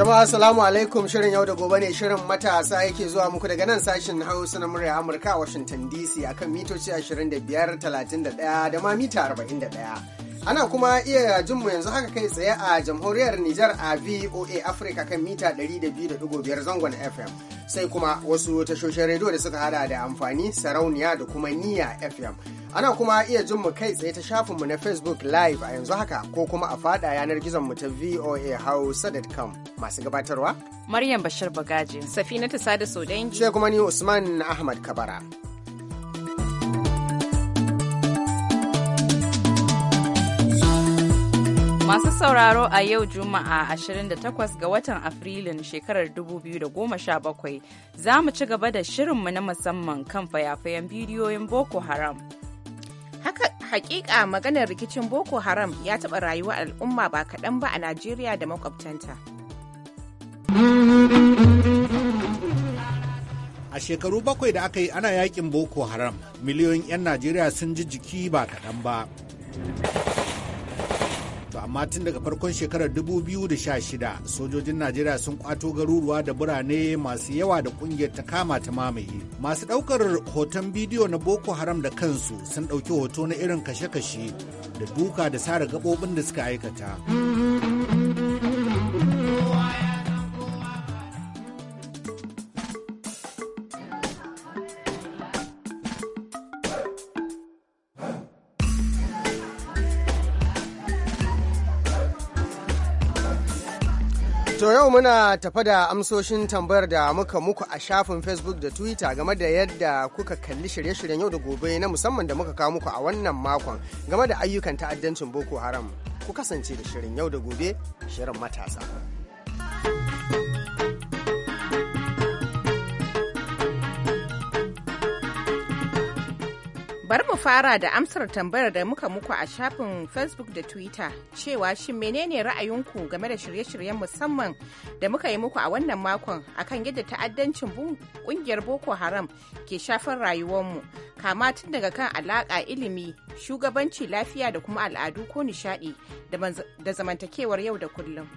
Jama'a Assalamu alaikum shirin yau da gobe ne shirin matasa yake zuwa muku daga nan sashin Hausa na murya Amurka a Washington DC akan mitoci 25, 31 da ma mita 41. Ana kuma iya jin yanzu haka kai tsaye a jamhuriyar Nijar a VOA Africa kan mita 200.5 zangon FM. Sai kuma wasu tashoshin rediyo da suka hada da amfani sarauniya da kuma niya FM. Ana kuma iya jin kai tsaye ta shafinmu na Facebook Live a yanzu haka ko kuma a fada yanar gizon mu ta VOA Hausa.com masu gabatarwa. Maryam Bashir Bagaji, Safina Tasada Sodangi. Sai kuma ni Usman Ahmad Kabara. Masu sauraro a yau Juma'a 28 ga watan Afrilun shekarar 2017 za mu ci gaba da shirinmu na musamman kan fayafayan bidiyoyin Boko Haram. Haka hakika maganar rikicin Boko Haram ya taɓa rayuwar al'umma ba kaɗan ba a Najeriya da makwabtanta. A shekaru bakwai da aka yi ana yakin Boko Haram, miliyoyin 'yan Najeriya sun ji jiki ba kaɗan ba. amma tun daga farkon shekarar 2016 sojojin Najeriya sun kwato garuruwa da birane masu yawa da kungiyar ta kama ta mamaye. Masu daukar hoton bidiyo na Boko Haram da kansu sun dauki hoto na irin kashe-kashe da duka da sare gabobin da suka aikata. yau muna tafa da amsoshin tambayar da muka muku a shafin facebook da twitter game da yadda kuka kalli shirye-shiryen yau da gobe na musamman da muka kawo muku a wannan makon game da ayyukan ta'addancin boko haram ku kasance da shirin yau da gobe shirin matasa Bari mu fara da amsar tambayar da muka muku a shafin Facebook da Twitter cewa shin menene ra'ayinku game da shirye-shiryen musamman da muka yi muku a wannan makon akan yadda ta'addancin kungiyar Boko Haram ke shafar rayuwarmu kama tun daga kan alaƙa ilimi, shugabanci lafiya da kuma al'adu ko nishaɗi da zamantakewar yau da kullum.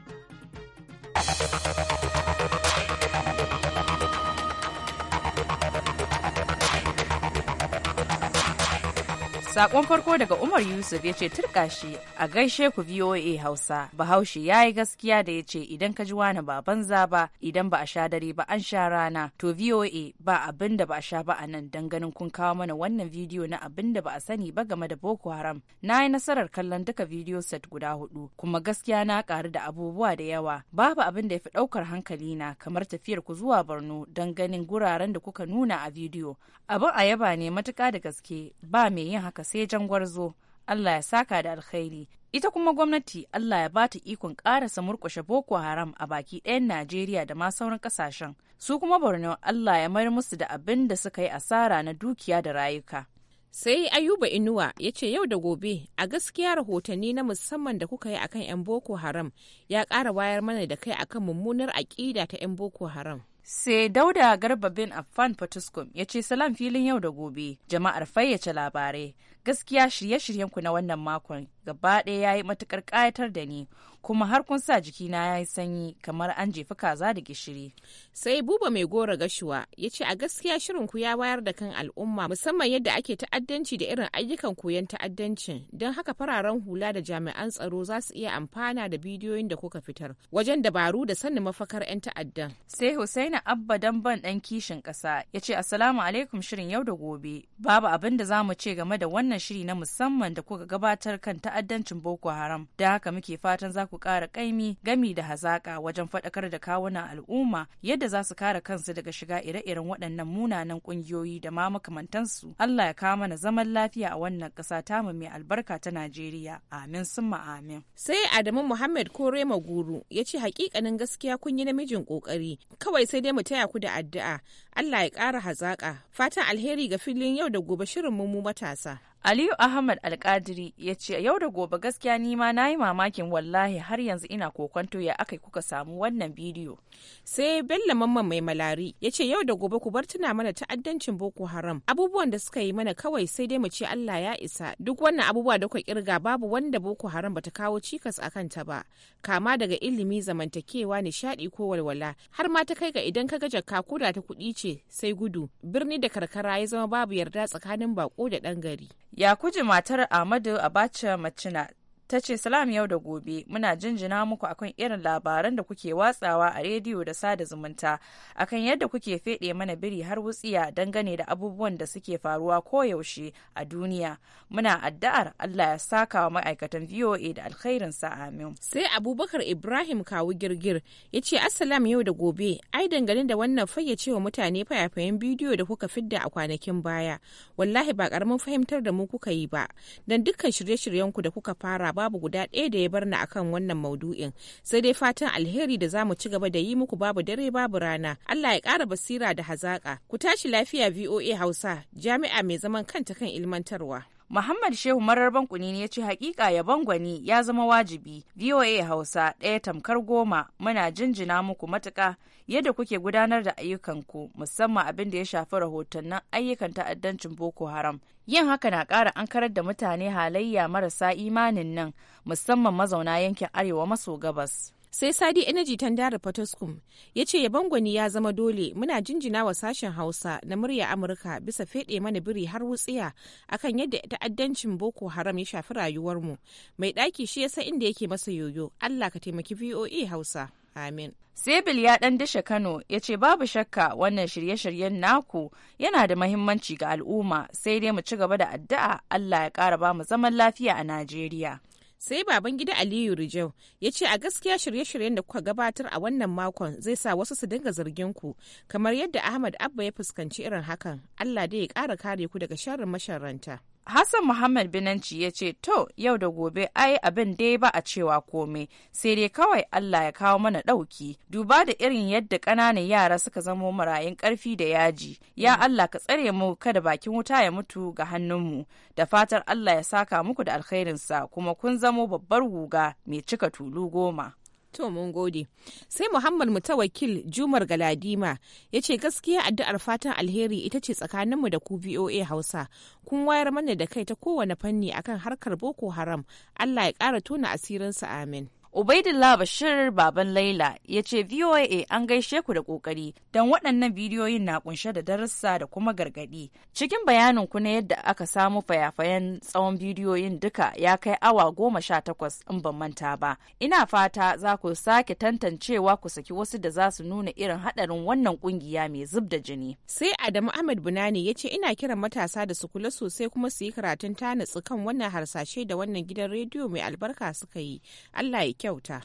Sakon farko daga Umar Yusuf ya ce shi a gaishe ku VOA Hausa. Bahaushe ya yi gaskiya da ya ce idan ka ji wani ba banza ba idan ba a sha dare ba an sha rana. To VOA ba abinda ba a sha ba a nan don ganin kun kawo mana wannan bidiyo na abin da ba a sani ba game da Boko Haram. Na yi nasarar kallon duka bidiyo set guda hudu kuma gaskiya na karu da abubuwa da yawa. Babu abin da ya fi daukar hankali na kamar tafiyar ku zuwa Borno don ganin guraren da kuka nuna a bidiyo. Abin a yaba ne matuka da gaske ba mai yin haka sai jan gwarzo. Allah ya saka da alkhairi. Ita kuma gwamnati Allah ya bata ikon karasa murkushe Boko Haram a baki ɗayan Najeriya da ma sauran kasashen Su kuma Borno Allah ya mayar musu da abin da suka yi asara na dukiya da rayuka. Sai Ayuba Inuwa ya ce yau da gobe a gaskiya rahotanni na musamman da kuka yi akan 'yan Boko Haram ya ƙara wayar mana da kai akan mummunar aƙida ta 'yan Boko Haram. sai dauda garba bin affan fatuskum ya ce salam filin yau da gobe jama'ar fayyace labarai gaskiya shirye-shiryenku na wannan makon gaba ɗaya ya yi matuƙar ƙayatar da ni kuma har kun sa jikina ya yi sanyi kamar an jefi kaza da gishiri. Sai buba mai gora gashuwa ya ce a gaskiya shirin ku ya bayar da kan al'umma musamman yadda ake ta'addanci da irin ayyukan koyon ta'addancin don haka fararen hula da jami'an tsaro za su iya amfana da bidiyoyin da kuka fitar wajen dabaru da sannin mafakar 'yan ta'addan. Sai Husaina Abba Damban dan kishin ƙasa ya ce Assalamu alaikum shirin yau da gobe babu abin da za mu ce game da wannan shiri na musamman da kuka gabatar kan ta'addancin Boko Haram da haka muke fatan za ku ku ƙara ƙaimi gami da hazaƙa wajen faɗakar da kawunan al'umma yadda za su kare kansu daga shiga ire-iren waɗannan munanan ƙungiyoyi da ma makamantansu. Allah ya kama na zaman lafiya a wannan ƙasa tamu mai albarka ta Najeriya. Amin summa amin. Sai Adamu Muhammad Kore Maguru ya ce hakikanin gaskiya kun yi namijin ƙoƙari. Kawai sai dai mu taya ku da addu'a. Allah ya ƙara hazaƙa. Fatan alheri ga filin yau da gobe shirin mu matasa. Aliyu Ahmad Alkadiri ya ce yau da gobe gaskiya nima na yi mamakin wallahi har yanzu ina kokonto ya aka kuka samu wannan bidiyo. Sai Bello Mamman mai malari ya ce yau da gobe ku bar tuna mana ta'addancin Boko Haram. Abubuwan da suka yi mana kawai sai dai mu ce Allah ya isa. Duk wannan abubuwa da kuka kirga babu wanda Boko Haram bata kawo cikas a kanta ba. Kama daga ilimi zamantakewa nishadi ko walwala har ma ta kai ga idan ka ga ka koda ta kuɗi ce sai gudu. Birni da karkara ya zama babu yarda tsakanin bako da ɗan gari. Ya kuji matar Ahmadu Abacha Machina ta ce salam yau da gobe muna jinjina muku akan irin labaran da kuke watsawa a rediyo da sada zumunta akan yadda kuke fede mana biri har wutsiya dangane da abubuwan da suke faruwa koyaushe a duniya muna addu'ar allah ya saka wa ma'aikatan voa da alkhairin sa amin sai abubakar ibrahim kawu girgir ya ce assalam yau da gobe ai dangane da wannan fayyace wa mutane fayafayen bidiyo da kuka fidda a kwanakin baya wallahi ba karamin fahimtar da mu kuka yi ba dan dukkan shirye-shiryenku da kuka fara babu guda ɗaya da ya bar ni akan wannan maudu'in sai dai fatan alheri da za mu ci gaba da yi muku babu dare babu rana Allah ya ƙara basira da hazaƙa ku tashi lafiya VOA Hausa jami'a mai zaman kanta kan ilmantarwa Muhammad Shehu marar Bankuni ne ya ce hakika ya bangwani ya zama wajibi. VOA Hausa ɗaya tamkar goma muna jinjina muku matuƙa yadda kuke gudanar da ayyukanku musamman abin da ya shafi rahotannin ayyukan ta'addancin Boko Haram yin haka na ƙara ankarar da mutane halayya marasa imanin nan musamman mazauna yankin arewa maso gabas sai sadi energy tandara potoskum ya ce yabon gwani ya zama dole muna jinjina wa sashen hausa na murya amurka bisa fede mana biri har wutsiya akan yadda ta'addancin boko haram ya shafi rayuwarmu mai ɗaki shi yasa inda yake masa yoyo allah ka taimaki voa hausa Amin. Sebil ya ɗan dashe Kano ya ce babu shakka wannan shirye-shiryen naku yana da mahimmanci ga al'umma sai dai mu ci gaba da addu'a Allah ya ƙara ba mu zaman lafiya a Najeriya. sai baban gida aliyu rijau ya ce a gaskiya shirye-shiryen da kuka gabatar a wannan makon zai sa wasu su dinga zargin ku kamar yadda ahmad abba ya fuskanci irin hakan allah dai ya ƙara kare ku daga sharrin masharanta Hassan Muhammad Binanci ya ce, To, yau da gobe ai abin dai ba a cewa komai, sai dai kawai Allah ya kawo mana ɗauki. Duba da irin yadda ƙananan yara suka zamo marayun ƙarfi da yaji. Ya mm. Allah ka tsare mu kada bakin wuta ya mutu ga hannunmu. Da fatar Allah ya saka muku da alkhairinsa kuma kun zamo babbar guga mai cika tulu goma. To mun gode. Sai Muhammad Mutawakil Jumar Galadima ya ce gaskiya addu'ar fatan alheri ita ce tsakaninmu da ku VOA Hausa. Kun wayar mana da kai ta kowane fanni akan harkar Boko Haram. Allah ya ƙara tona asirinsa amin. Ubaidullah Bashir baban Laila ya ce VOA an gaishe ku da kokari don waɗannan bidiyoyin na kunshe da darussa da kuma gargaɗi. Cikin bayanin ku na yadda aka samu fayafayen tsawon bidiyoyin duka ya kai awa goma sha takwas in ban manta ba. Ina fata za ku sake tantancewa ku saki wasu da za su nuna irin haɗarin wannan ƙungiya mai zub da jini. Sai Adamu Ahmed Bunani ya ce ina kiran matasa da su kula sosai kuma su yi karatun tanitsi kan wannan harsashe da wannan gidan rediyo mai albarka suka yi. Allah ya kyauta.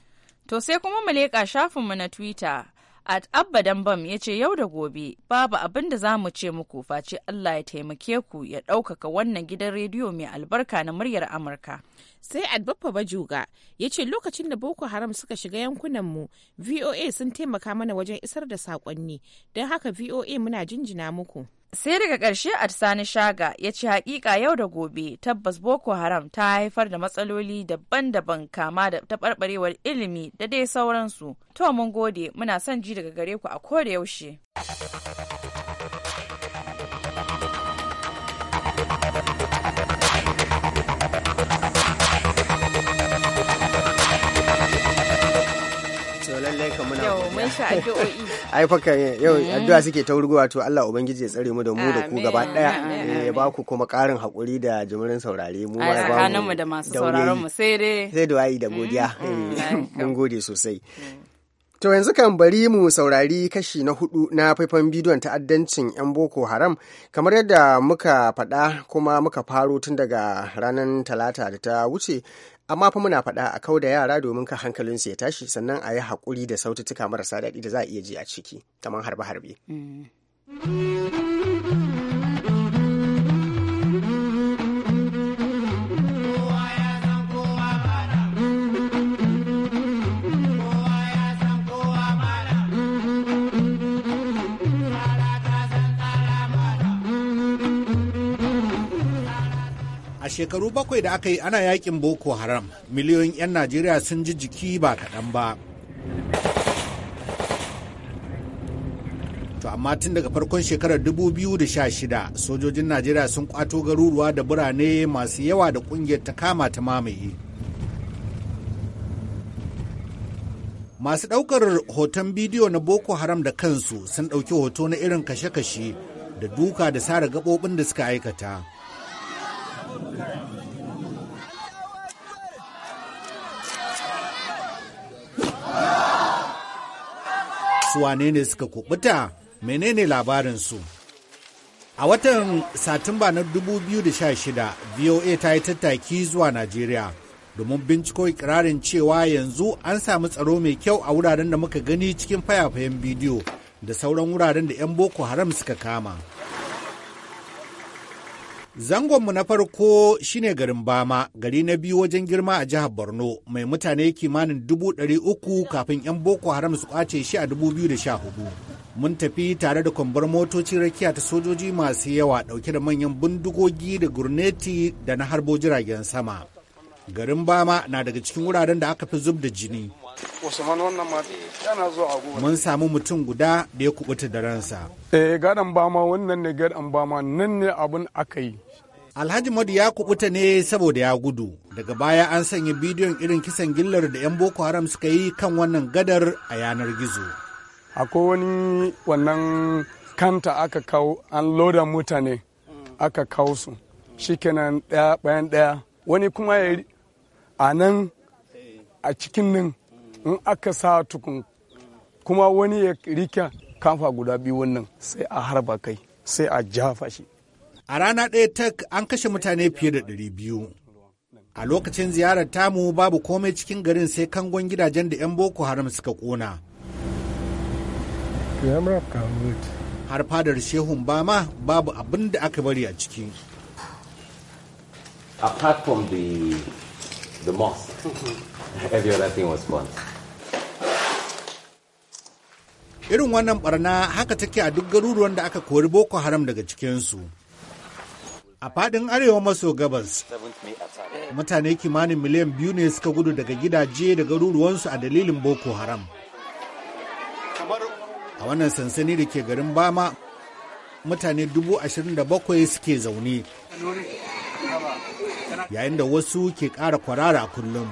To sai kuma mu leƙa shafinmu na Twitter. at abba dambam ya ce yau da gobe babu abin da za mu ce muku face allah ya taimake ku ya ɗaukaka wannan gidan rediyo mai albarka na muryar amurka sai adbaffa bajuga ya ce lokacin da boko haram suka shiga yankunanmu voa sun taimaka mana wajen isar da saƙonni don haka voa muna jinjina muku sai daga ƙarshe Adsani Shaga ya ci hakika yau da gobe tabbas Boko Haram ta haifar da matsaloli daban-daban kama da taɓarɓarewar ilimi da dai sauransu. To mun gode muna son ji daga gare ku a koda yaushe. yau ai faka yau mm. addu'a suke ta wurguwa to Allah ubangiji ya tsare mu da mu da ku gaba daya eh, ya ba ku kuma karin hakuri da jimirin saurare mu ya ba mu da masu sauraron mu sai dai sai da wayi da godiya mm, mm, eh, mun gode sosai To yanzu kan bari mu saurari kashi na hudu na faifan bidiyon ta'addancin 'yan Boko Haram kamar yadda muka faɗa kuma muka faro tun daga ranar talata da ta wuce amma fa muna faɗa a kau da yara domin ka hankalinsu ya tashi sannan a yi haƙuri da saututtuka marasa daɗi da za a iya ji a ciki kamar harbe-harbe. Mm. A shekaru bakwai da aka yi ana yakin Boko Haram, miliyoyin 'yan Najeriya sun ji jiki ba kaɗan ba. To amma tun daga farkon shekarar 2016 sojojin Najeriya sun kwato garuruwa da birane masu yawa da kungiyar ta kama ta mamaye. Masu ɗaukar hoton bidiyo na Boko Haram da kansu sun ɗauki hoto na irin kashe-kashe da duka da sare gaɓoɓin da suka aikata. Su wane ne suka kubuta? Menene labarinsu? A watan Satumba na 2016, VOA ta yi tattaki zuwa Najeriya domin binciko ikirarin cewa yanzu an samu tsaro mai kyau a wuraren da muka gani cikin fayafayen bidiyo da sauran wuraren da 'yan Boko Haram suka kama. Zangonmu na farko shine garin Bama, gari na biyu wajen girma a jihar Borno, mai mutane kimanin dubu ɗari uku kafin 'yan Boko Haram su kwace shi a dubu biyu da sha hudu. Mun tafi tare da kwambar motoci rakiya ta sojoji masu yawa ɗauke da manyan bindigogi da gurneti da na harbo jiragen sama. Garin Bama na daga cikin wuraren da aka fi zub da jini. usman wannan ma yana zuwa mun samu mutum guda da ya kubuta da ransa eh gadan bama wannan ne gadan bama nan ne abin aka yi Alhaji Madu ya kubuta ne saboda ya gudu. Daga baya an sanya bidiyon irin kisan gillar da 'yan Boko Haram suka yi kan wannan gadar a yanar gizo. Akwai wani wannan kanta aka kawo an loda mutane aka kawo su shikenan ɗaya bayan ɗaya wani kuma ya a nan a cikin nan in aka sa tukun kuma wani ya rike kamfa guda biyu wannan sai a harba kai sai a jafa shi a rana ɗaya tak an kashe mutane fiye da ɗari biyu a lokacin ziyarar tamu babu komai cikin garin sai kangon gidajen da 'yan boko haram suka ƙona. har fadar shehun bama babu abin da aka bari a ciki apart from the, the mosque mm-hmm. was fun irin wannan barna haka take a duk garuruwan da aka kori boko haram daga cikinsu a fadin arewa maso gabas mutane kimanin miliyan biyu ne suka gudu daga gidaje da garuruwansu a dalilin boko haram a wannan sansani da ke garin bama mutane dubu ashirin da bakwai suke zaune yayin da wasu ke ƙara kwarara kullum.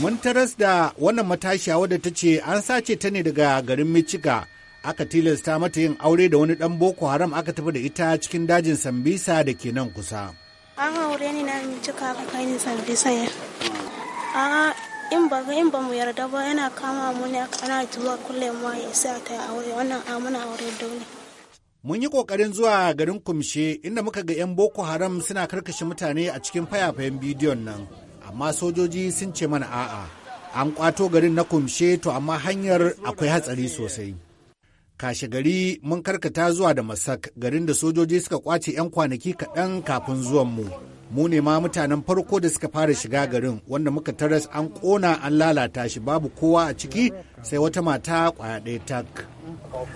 mun taras da wannan matashiya wadda ta ce an sace ta ne daga garin michiga aka tilasta mata yin aure da wani dan boko haram aka tafi da ita cikin dajin sambisa da ke nan kusa an aure ni na michiga aka kai ni sambisa ya a in ba in ba mu yarda ba yana kama mu ne ana zuwa kullum ma ya sa ta aure wannan amuna aure dole mun yi kokarin zuwa garin kumshe inda muka ga 'yan boko haram suna karkashe mutane a cikin fayafayen bidiyon nan amma sojoji sun ce mana a'a an kwato garin na kumshe to amma hanyar akwai hatsari sosai kashe gari mun karkata zuwa da masak garin da sojoji suka kwace 'yan kwanaki kaɗan kafin zuwan mu mu ne ma mutanen farko da suka fara shiga garin wanda muka taras an ƙona an lalata shi babu kowa a ciki sai wata mata kwaya ɗaya tak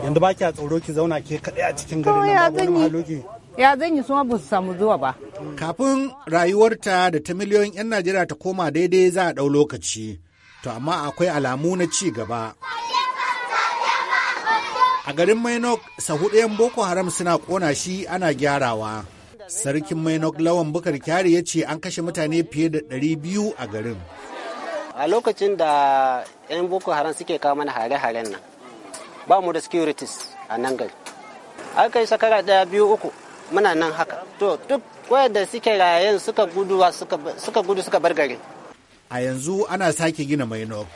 yanzu ba ki a tsoro ki zauna ke kaɗai a cikin garin nan babu wani mahaloki ya zan yi suma ba su samu zuwa ba. Kafin rayuwarta da ta miliyoyin 'yan Najeriya ta koma daidai za a ɗau lokaci, to amma akwai alamu na ci gaba. A garin Mainok, 'yan Boko Haram suna ƙona shi ana gyarawa. Sarkin Mainok Lawan Bukar Kyari ya ce an kashe mutane fiye da ɗari biyu a garin. A lokacin da 'yan Boko Haram suke kawo mana hare-haren nan, ba mu da securities a nan gari. Aka yi sakara ɗaya biyu uku, muna nan haka to duk da suke rayen suka gudu suka gudu suka bar gari. a yanzu ana sake gina mainok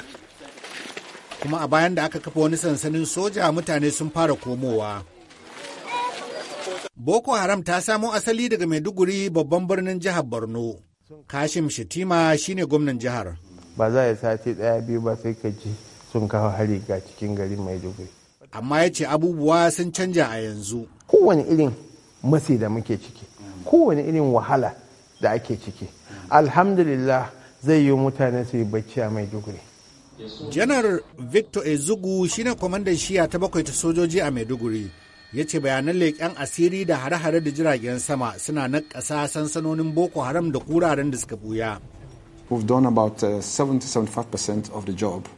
kuma a bayan da aka kafa wani sansanin soja mutane sun fara komowa boko haram ta samo asali daga maiduguri babban birnin jihar borno kashim shatima shine gwamnan jihar ba za ya sati daya biyu ba sai ka ji sun kawo hari ga cikin garin maiduguri amma ya ce abubuwa sun canja a yanzu kowane irin matsi da muke ciki kowane irin wahala da ake ciki alhamdulillah zai yi mutane su yi bacci a mai duguri janar victor ezugu shine kwamandan shiya ta bakwai ta sojoji a maiduguri ya ce bayanan leƙen asiri da hare-hare da jiragen sama suna na ƙasa sansanonin boko haram da kuraren da suka buya We've done about uh, 70-75% of the job.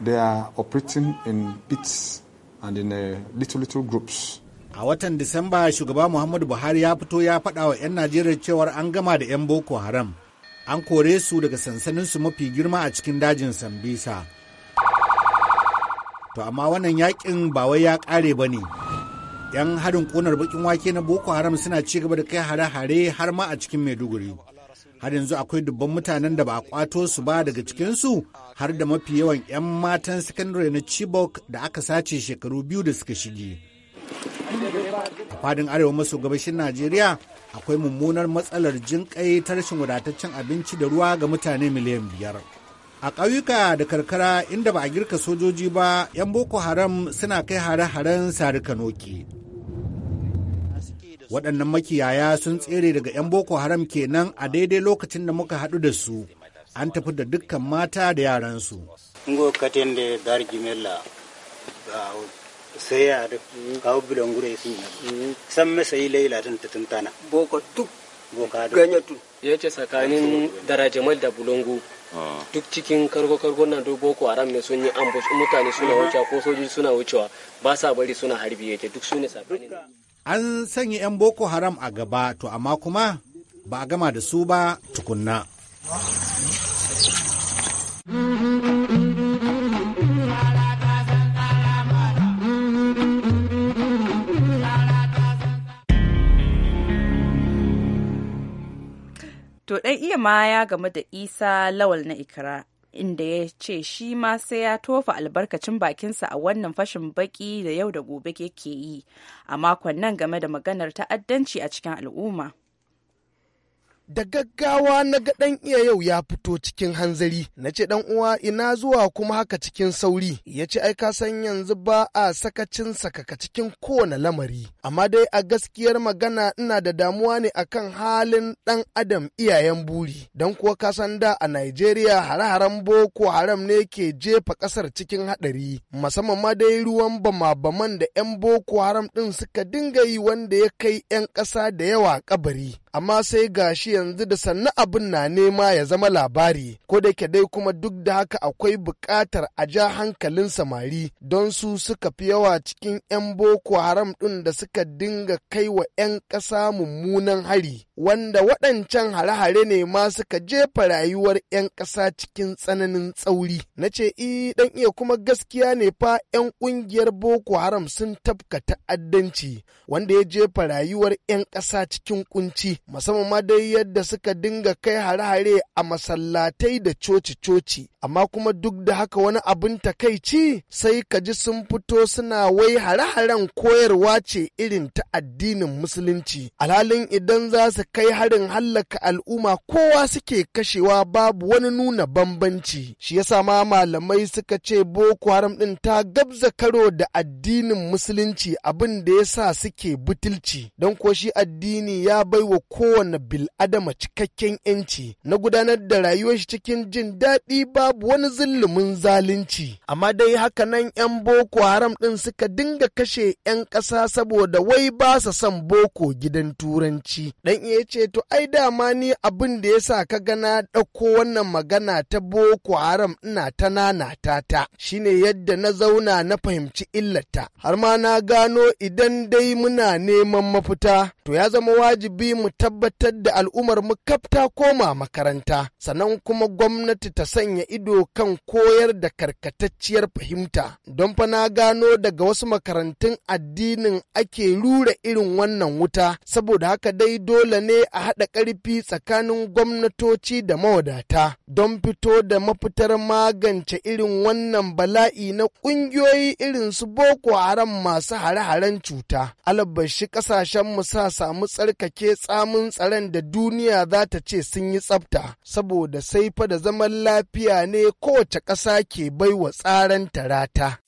They are operating in bits and in uh, little, little groups. a watan disamba shugaba muhammadu buhari ya fito ya faɗa wa 'yan najeriya cewar an gama da 'yan boko haram an kore su daga sansaninsu mafi girma a cikin dajin sambisa to amma wannan yakin ba wai ya ƙare ba ne 'yan harin ƙonar bakin wake na boko haram suna ci gaba da kai hare-hare har ma a cikin maiduguri har yanzu akwai dubban mutanen da ba a kwato su ba daga cikinsu har da mafi yawan 'yan matan sakandare na chibok da aka sace shekaru biyu da suka shige Fadin arewa maso gabashin Najeriya akwai mummunar matsalar jinƙai ta rashin wadataccen abinci da ruwa ga mutane miliyan biyar. A ƙauyuka da karkara inda ba a girka sojoji ba, 'yan Boko Haram suna kai hare-haren Sari Kanoki. Waɗannan makiyaya sun tsere daga 'yan Boko Haram kenan a daidai lokacin da muka haɗu da su, an tafi da dukkan mata da yaransu. seya da kawo bidon gure sin mm. san masa yi laila tun tuntana boko tuk boka da ganya tun ce tsakanin darajamal da bulongo ah. duk cikin kargo-kargo na duk boko haram ne sun yi ambus mutane suna mm-hmm. wucewa ko soji suna wucewa ba sa bari suna harbi yake duk su ne tsakanin an sanya 'yan boko haram a gaba to amma kuma ba a gama da su ba tukunna. Mm-hmm. To ɗan iya ma ya game da Isa Lawal na Ikra inda ya ce shi ma sai ya tofa albarkacin bakinsa a wannan fashin baki da yau da gobe yake yi a makon nan game da maganar ta'addanci a cikin al'umma. da gaggawa na ga ɗan iya yau ya fito cikin hanzari na ce ɗan uwa ina zuwa kuma haka cikin sauri ya ce ai ka san yanzu ba a sakacin sakaka cikin kowane lamari amma dai a gaskiyar magana ina da damuwa ne akan halin ɗan adam iyayen buri don kuwa ka san da a Najeriya hare-haren boko haram ne ke jefa ƙasar cikin haɗari musamman ma dai ruwan bama-baman da 'yan boko haram ɗin suka dinga yi wanda ya kai 'yan ƙasa da yawa kabari amma sai ga shi yanzu da sannu abin na nema ya zama labari ko da dai kuma duk da haka akwai buƙatar a ja hankalin samari don su suka fi yawa cikin 'yan boko haram ɗin da suka dinga kai wa 'yan ƙasa mummunan hari wanda waɗancan hare-hare ne ma suka jefa rayuwar 'yan ƙasa cikin tsananin tsauri. Na ce, i ɗan iya kuma gaskiya ne fa 'yan ƙungiyar Boko Haram sun tafka ta'addanci wanda ya jefa rayuwar 'yan ƙasa cikin kunci, musamman ma dai yadda suka dinga kai hare-hare a masallatai da coci-coci. Amma kuma duk da haka wani abin takaici sai ka ji sun fito suna wai hare-haren koyarwa ce irin ta addinin Musulunci. Alhalin idan za su kai harin hallaka al'umma kowa suke kashewa babu wani nuna bambanci shi yasa ma malamai suka ce boko haram din ta gabza karo da addinin musulunci abin da ya sa suke butulci don ko shi addini ya baiwa kowane bil'adama cikakken yanci na gudanar da rayuwar shi cikin jin daɗi babu wani zillumin zalunci amma dai haka nan 'yan boko haram din suka dinga kashe 'yan ƙasa saboda wai ba sa son boko gidan turanci dan iya ya ce to ai dama ni abin da ya sa ka gana ɗauko wannan magana ta boko haram ina ta nana ta ta shine yadda na zauna na fahimci illata har ma na gano idan dai muna neman mafita to ya zama wajibi mu tabbatar da al'ummar mu kafta koma makaranta sannan kuma gwamnati ta sanya ido kan koyar da karkatacciyar fahimta don fa na gano daga wasu makarantun addinin ake rura irin wannan wuta saboda haka dai dole ne ne a haɗa ƙarfi tsakanin gwamnatoci da mawadata don fito da mafitar magance irin wannan bala'i na ƙungiyoyi irin su boko haram masu hare-haren cuta albashi ƙasashen mu sa samu tsarkake tsamin tsaron da duniya za ta ce sun yi tsafta saboda sai fa da zaman lafiya ne kowace ƙasa ke baiwa tsaran tarata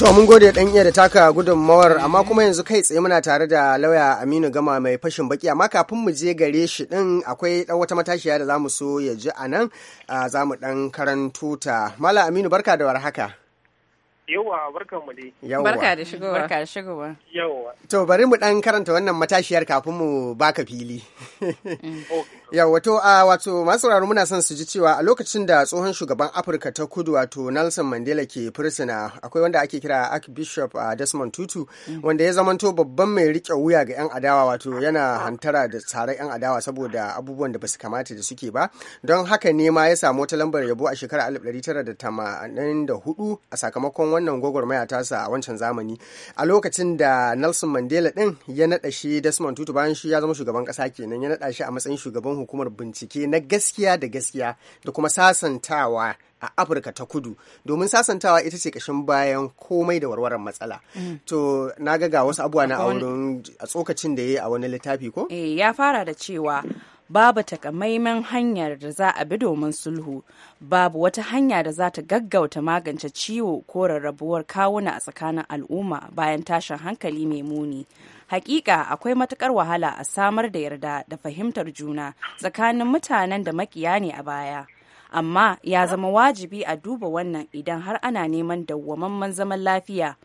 To mun gode dan iya da taka gudunmawar amma kuma yanzu kai tsaye muna tare da lauya Aminu Gama mai fashin baki amma kafin mu je gare shi din akwai dan wata matashiya da zamu so ya ji anan ah, zamu dan karantuta. Mala Aminu barka da warhaka. Yawwa barkan mu dai. Yawwa. Barka da shigowa. Barka da shigowa. Yawwa. To bari mu dan karanta wannan matashiyar kafin mu baka fili. Yawwa to a wato masu sauraro muna son su ji cewa a lokacin da tsohon shugaban Afirka ta Kudu wato Nelson Mandela ke fursuna akwai wanda ake kira Archbishop uh, Desmond Tutu mm. wanda ya zamanto babban mai rike wuya ga 'yan adawa wato yana ah. hantara da tsaron 'yan adawa saboda abubuwan da basu kamata da suke ba don haka ne ma ya samu wata lambar yabo a shekarar 1984 a sakamakon wannan gwagwarmaya tasa a wancan zamani a lokacin da Nelson Mandela din ya naɗa shi Desmond Tutu bayan shi ya zama shugaban ƙasa kenan ya naɗa shi a matsayin shugaban hukumar bincike na gaskiya da gaskiya da kuma sasantawa a afirka ta kudu domin sasantawa ita ce kashin bayan komai da warwaran matsala mm. to na ga ga wasu abubuwa na a tsokacin da ya yi a wani littafi ko eh, ya fara da cewa babu takamaiman hanyar da za a bi domin sulhu babu wata hanya da za ta gaggauta magance ciwo ko rarrabuwar kawuna a tsakanin al'umma bayan tashin hankali mai muni hakika akwai matukar wahala a samar da yarda da fahimtar juna tsakanin mutanen da makiya ne a baya amma ya zama wajibi a duba wannan idan har ana neman dawwamamman zaman lafiya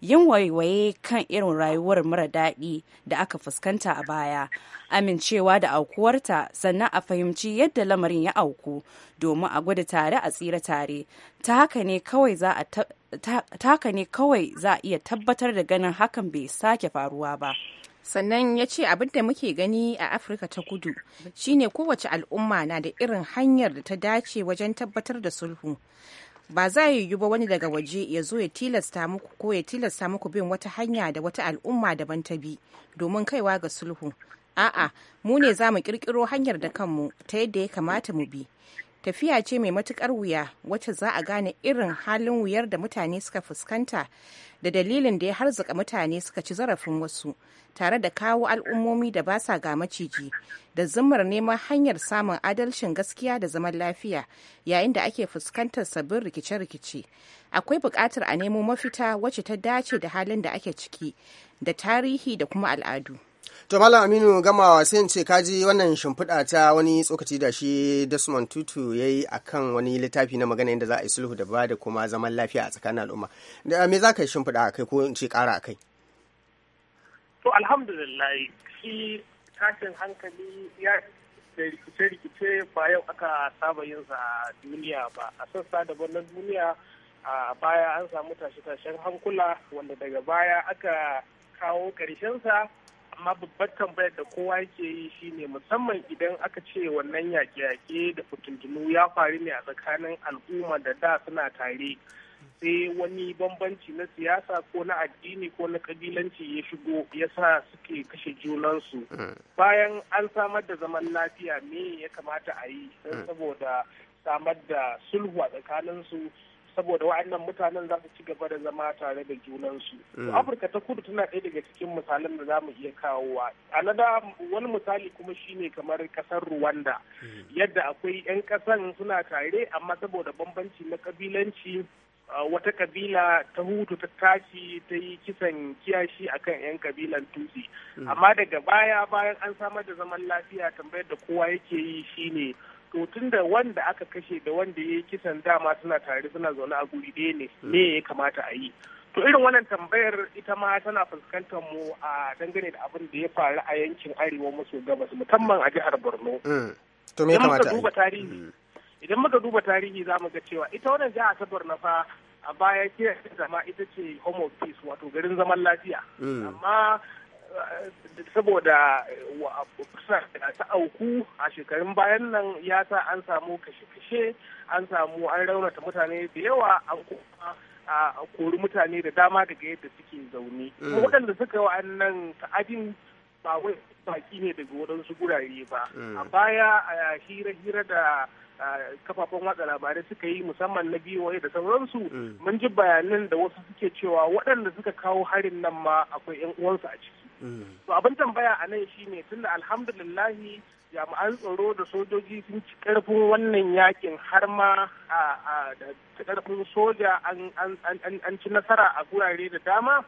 yin waiwaye kan irin rayuwar mara daɗi da aka fuskanta a baya amincewa da aukuwarta sannan a fahimci yadda lamarin ya auku domin a gudu tare a tsira tare ta haka ne kawai za a ne kawai za a iya tabbatar da ganin hakan bai sake faruwa ba. sannan ya ce abin da muke gani a afirka ta kudu shine kowace al'umma na da irin hanyar da ta dace wajen tabbatar da sulhu ba za a yiwu ba wani daga waje ya zo ya tilasta muku ko ya tilasta muku bin wata hanya da wata al'umma daban ta bi domin kaiwa ga sulhu a'a mu ne za mu kirkiro hanyar da kanmu ta yadda ya kamata mu bi tafiya ce mai matukar wuya wacce za a gane irin halin wuyar da mutane suka fuskanta da dalilin da ya harzuka mutane suka ci zarafin wasu tare da kawo al'ummomi da ba sa ga maciji da zumar neman hanyar samun adalcin gaskiya da zaman lafiya yayin da ake fuskantar sabbin rikice-rikice akwai buƙatar a nemo mafita wacce ta dace da halin da ake ciki da tarihi da kuma al'adu. to malam aminu gamawa sai in ce kaji wannan shimfiɗa ta wani tsokaci da shi desmond tutu ya yi a kan wani littafi na magana yadda za a yi sulhu da ba da kuma zaman lafiya a tsakanin al'umma da me za ka yi shimfiɗa a kai ko in ce ƙara a kai to alhamdulillah shi tashin hankali ya da rikice-rikice ba yau aka saba yin sa a duniya ba a sassa daban na duniya a baya an samu tashe-tashen hankula wanda daga baya aka kawo ƙarshensa amma babbar tambayar da kowa yake yi shine musamman idan aka ce wannan yaƙe-yaƙe da fitintunu ya faru ne a tsakanin al'umma da da suna tare sai wani bambanci na siyasa ko na addini ko na kabilanci ya shigo ya sa suke kashe junansu bayan an samar da zaman lafiya me ya kamata a yi hmm. saboda samar da sulhu a tsakaninsu saboda wa'annan mutanen za su ci gaba da zama tare da junansu. Mm. Afirka ta kudu tana ɗaya daga cikin misalin da za mu iya kawowa. alada wani misali kuma shine kamar ƙasar Rwanda mm. yadda akwai 'yan ƙasan suna tare amma saboda bambanci na ƙabilanci wata kabila ta hutu ta tashi ta yi kisan kiyashi akan 'yan kabilan tutsi mm. amma daga baya bayan an samar da zaman lafiya tambayar da kowa yake yi shine to tun da wanda aka kashe da wanda ya yi kisan dama suna tare suna zaune a guri ɗaya ne mm. me ya kamata a yi to irin wannan tambayar ita ma tana fuskantar mu a dangane da abin da ya faru a yankin arewa maso gabas musamman a jihar borno mm. to me kamata duba tarihi mm. idan muka duba tarihi za mu ga cewa ita wannan jiha ta borno fa a baya ke zama ita ce home of peace wato garin zaman lafiya amma saboda eh, ta auku a shekarun bayan nan ya sa an samu kashe-kashe an samu an raunata mutane da yawa an kuma a kori mutane da dama daga yadda suke zaune mm. waɗanda suka yi wa'annan ta'adin ba wai baki ne daga waɗansu gurare ba mm. a baya a hira-hira da kafafen watsa labarai suka yi musamman na biyu da sauransu mm. mun ji bayanan da wasu suke cewa waɗanda suka kawo harin nan ma akwai 'yan uwansu a ciki to abin tambaya a nan shine tunda alhamdulillahi jami'an tsaro da sojoji sun ci karfin wannan yakin har ma da karfin soja an ci nasara a gurare da dama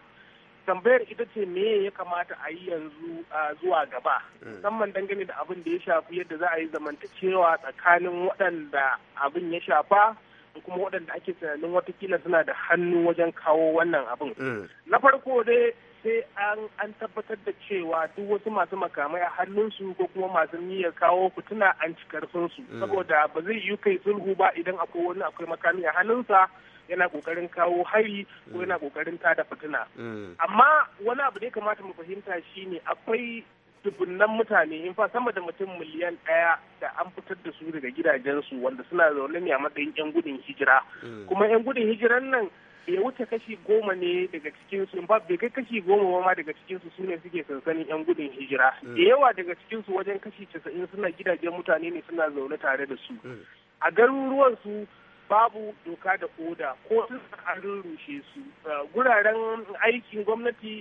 tambayar ita ce me ya kamata a yi yanzu zuwa gaba hmm. musamman dangane da abin da ya shafi yadda za a yi zamantacewa tsakanin waɗanda abin ya shafa da kuma waɗanda ake tunanin watakila suna da hannu wajen kawo wannan abin hmm. na farko dai sai an tabbatar da cewa duk wasu masu makamai a hannunsu ko kuma masu niyyar kawo fituna an ci su. Mm. saboda ba zai yi kai sulhu ba idan akwai wani akwai makami a hannunsa yana kokarin kawo hari ko mm. yana kokarin tada fitina mm. amma wani abu da ya kamata mu fahimta shine akwai dubunnan mutane in fa sama da mutum miliyan ɗaya da an fitar da su daga gidajensu wanda suna zaune ne a matsayin 'yan gudun hijira kuma 'yan gudun hijiran nan ya wuce kashi goma ne daga cikin su ba bai kai kashi goma ma daga cikin su sune suke sansanin yan gudun hijira hmm. da yawa daga cikin su wajen kashi casa'in suna gidajen mutane ne suna zaune tare da su hmm. a garuruwan su babu doka da oda ko an rushe su uh, guraren aikin gwamnati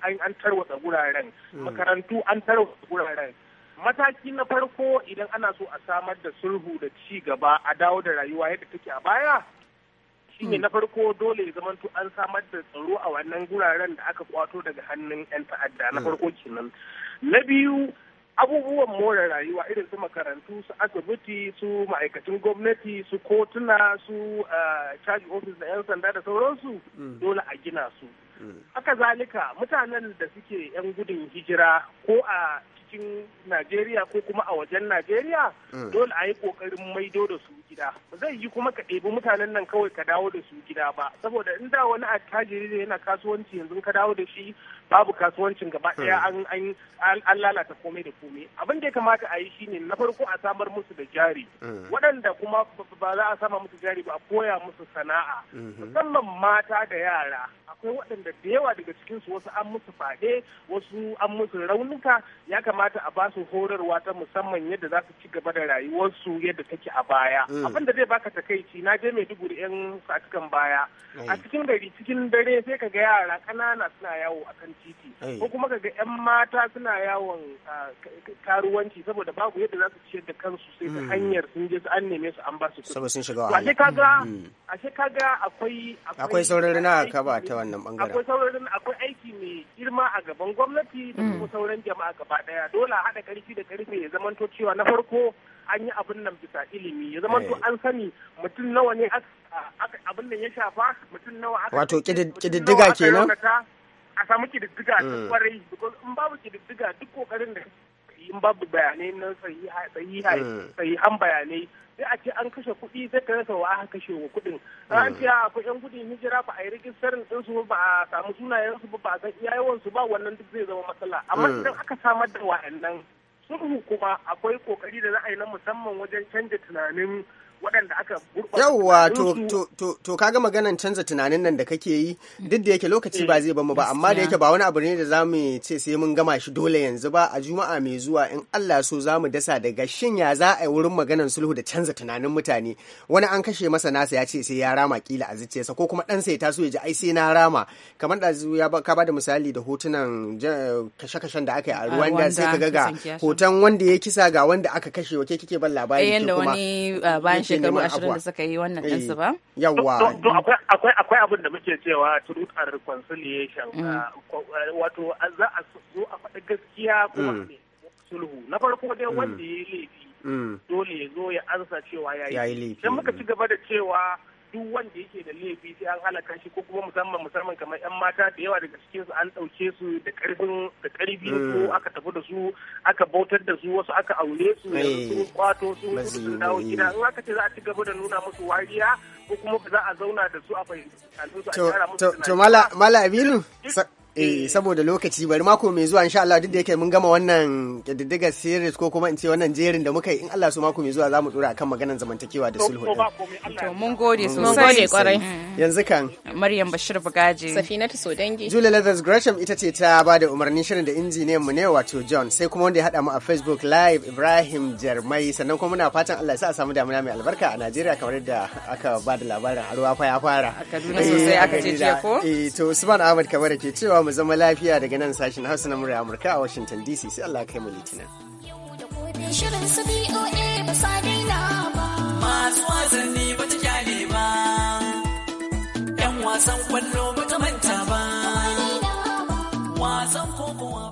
an tarwatsa guraren hmm. makarantu an tarwatsa guraren mataki na farko idan ana so a samar da sulhu da ci gaba a dawo da rayuwa yadda take a baya shine hmm. na farko dole ya zamanto an samar da tsaro a wannan guraren da aka kwato daga hannun 'yan ta'adda na hmm. farko kenan na biyu abubuwan more rayuwa irin su makarantu su asibiti su ma'aikacin gwamnati su kotuna su ah, caji ofis da 'yan sanda da sauransu hmm. dole a gina su haka zalika mutanen da suke 'yan gudun hijira ko a cikin najeriya ko kuma a wajen najeriya mm. dole a yi kokarin maido da su gida ba zai yi kuma ka ɗebi mutanen nan kawai ka dawo da su gida ba saboda in da wani attajiri da yana kasuwanci yanzu ka dawo da shi babu kasuwancin gaba ɗaya hmm. an lalata komai da komai abin da ya kamata a yi shine na farko a samar musu da jari hmm. waɗanda kuma ba za a sama musu jari ba a koya musu sana'a hmm. musamman mata da yara akwai waɗanda da yawa daga cikinsu wasu an musu faɗe wasu an musu raunuka ya kamata a basu horarwa ta musamman yadda za su ci gaba da rayuwarsu yadda take a baya abin da zai baka takaici na je maiduguri yan satukan baya a cikin gari cikin dare sai ka ga yara ƙanana suna yawo akan titi eh. ko kuma ga yan mata suna yawon karuwanci saboda babu yadda za su ciyar da kansu sai ta hmm. hanyar sun je su an neme su an ba su saboda sun shiga wani a shi kaga akwai akwai sauran na ka ba ta wannan bangaren akwai sauran akwai aiki mai girma a gaban gwamnati da hmm. kuma sauran jama'a gaba daya dole haɗa karfi da karfe ya zamanto cewa na farko an yi abin nan bisa ilimi ya zama to eh. an sani mutum nawa ne abin nan ya shafa mutum nawa aka wato kididdiga kenan a samu kididdiga ta mm. kwarai in babu kididdiga duk kokarin da in babu bayanai na mm. sahihan bayanai sai a ce an kashe kuɗi sai ka rasa wa aka kashe wa kuɗin an mm. ce ah, akwai yan gudun hijira ba a yi din su ba a samu sunayensu ba ba a san iya su ba wannan duk zai zama matsala amma idan aka samar da wa'annan sulhu kuma akwai kokari da za a yi na musamman wajen canja tunanin waɗanda aka gurɓata yawwa to to to kaga maganan canza tunanin nan da kake yi mm. duk da yake lokaci ba eh, zai bamu ba amma da yake ba wani abu ne da za mu ce sai mun gama shi dole yanzu ba a juma'a mai zuwa in Allah so za mu dasa daga shin ya za a yi wurin maganan sulhu da canza tunanin mutane wani an kashe masa nasa ya ce sai ya rama kila a zuciyarsa ko kuma ɗansa ya taso ya ji ai sai na rama kamar da ya ka bada misali da hotunan kashe-kashen da aka yi a Rwanda sai ka ga hoton wanda ya kisa ga wanda aka kashe wa ke kike ban labari eh, kuma ah, shekaru ashirin da suka yi wannan ɗinsu eh, ba? Yawwa. Akwai abin da muke cewa turutar reconciliation mm. uh, uh, wato za a zo a faɗi gaskiya kuma mm. sulhu na farko dai mm. wanda ya yi laifi dole ya zo ya ansa cewa ya yi laifi. Idan muka ci gaba da cewa duk wanda yake da laifi sai an halaka shi ko kuma musamman musamman kamar yan mata da yawa daga cikin su an ɗauke su da karfin da karfi mm. ko aka tafi da su aka bautar da su wasu aka aure su eh. su kwato su su dawo gida in aka ce za a ci gaba da nuna musu wariya ko kuma za a zauna da su a fahimci a gyara musu to mala mala abinu eh saboda lokaci bari mako mai zuwa insha Allah duk da yake mun gama wannan diddigar series ko kuma in ce wannan jerin da muka yi in Allah su mako mai zuwa zamu dora akan maganar zamantakewa da sulhu to mun gode sosai mun gode kwarai mm. yanzu kan Maryam Bashir Bugaji Safinatu Sodangi Julia Leathers Gresham ita ce ta ba da umarnin shirin da injiniyan mu ne wato John sai kuma wanda ya hada mu a Facebook live Ibrahim Jarmai sannan kuma muna fatan Allah ya sa a samu damuna mai albarka a Najeriya kamar yadda aka ba da labarin a ruwa fa ya fara a Kaduna sosai aka ce ko eh to Usman Ahmad kamar ke cewa mu zama lafiya daga nan sashen Hausa na murya Amurka a Washington DC sai Allah kai mu litinin. Shirin su BOA ba sa daina ba. Masu wasanni ba ta kyale ba. 'Yan wasan kwallo ba ta manta ba. Wasan kokowa.